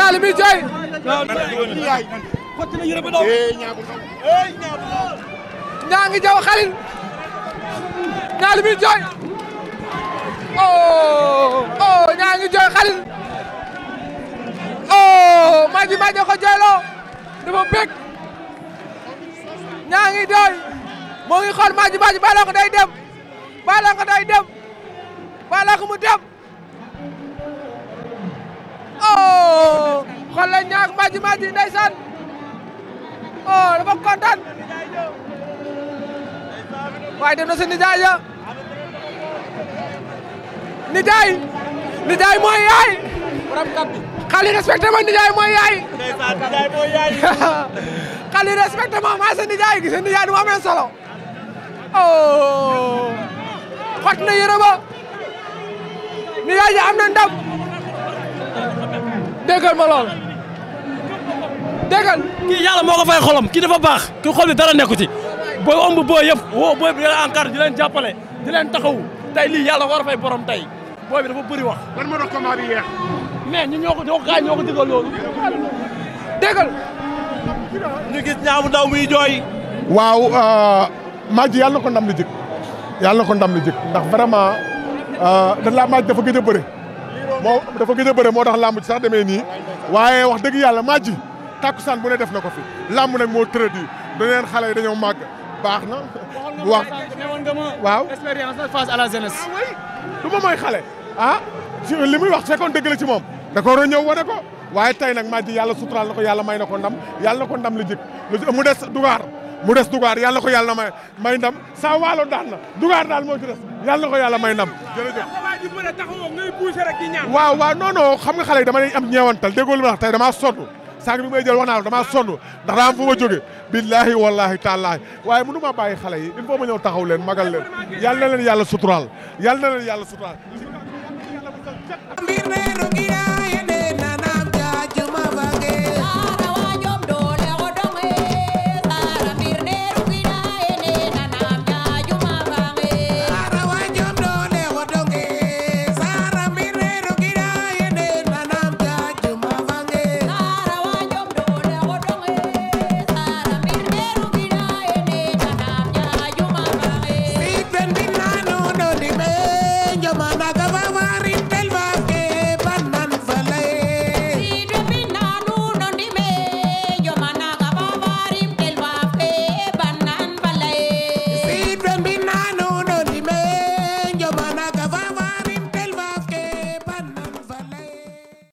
ñaali mi jooy ñaa ngi jaw xalin ñaali mi jooy oh oh ñaa ngi jooy xalin oh maji maji ko jooyloo dafa bëgg ñaa ngi jooy moo ngi xool maji maji baaloo ko day dem baaloo ko day dem baaloo ko mu dem xool leen ñaag mbaaj mbaaj ndeysaan oh dafa kontaan waaye dem na si nijaay ya nijaay nijaay mooy yaay xale yi respecté ma mooy yaay xale yi respecté ma maa sa nijaay gis nga nijaay du ma solo oh xot na yére ba nijaay ji am na ndam déggal ma lool dégal kii yàlla moo ko fay xolam kii dafa baax ki xol bi dara nekku ci booy omb booy yëpp woo booy bi dina encadré di leen jàppale di leen taxaw tey lii yàlla war a fay borom tey booy bi dafa bëri wax lan moo tax combat bi yeex mais ñu ñoo ko ñoo ko gaay ñoo ko digal loolu gis ñaamu daw muy jooy waaw euh, Madji yàlla na ko ndam li jëkk yàlla na ko ndam ndax vraiment euh, da laa Madji dafa gëj a bëre moo dafa gëj moo tax làmb sax demee nii waaye wax dëgg yàlla Madji tàkkusaan bu ne def na ko fi làmb nag moo tëradi daneen xale yi dañoo màgg baax na wax waaw expérience face à la jeunesse du ma mooy xale ah li muy wax fekkoon dëgg la ci moom da ko a ñëw wane ko waaye tey nag maa ji yàlla suturaal na ko yàlla may na ko ndam yàlla na ko ndam la jëkk mu des dugaar mu des dugaar yàlla ko yàlla may may ndam saa waalo daan na dugaar daal moo ci des yàlla ko yàlla may ndam jërëjëf waaw waaw non non xam nga xale yi dama am ñeewantal déggoo lu ma wax damaa sonn sànq bi may jël wax naa damaa sonn ndax daa am fu ma jóge billaahi wallaahi taalaahi waaye mënu ma bàyyi xale yi il faut ma ñëw taxaw leen magal leen yal na leen yàlla suturaal yal na leen yàlla suturaal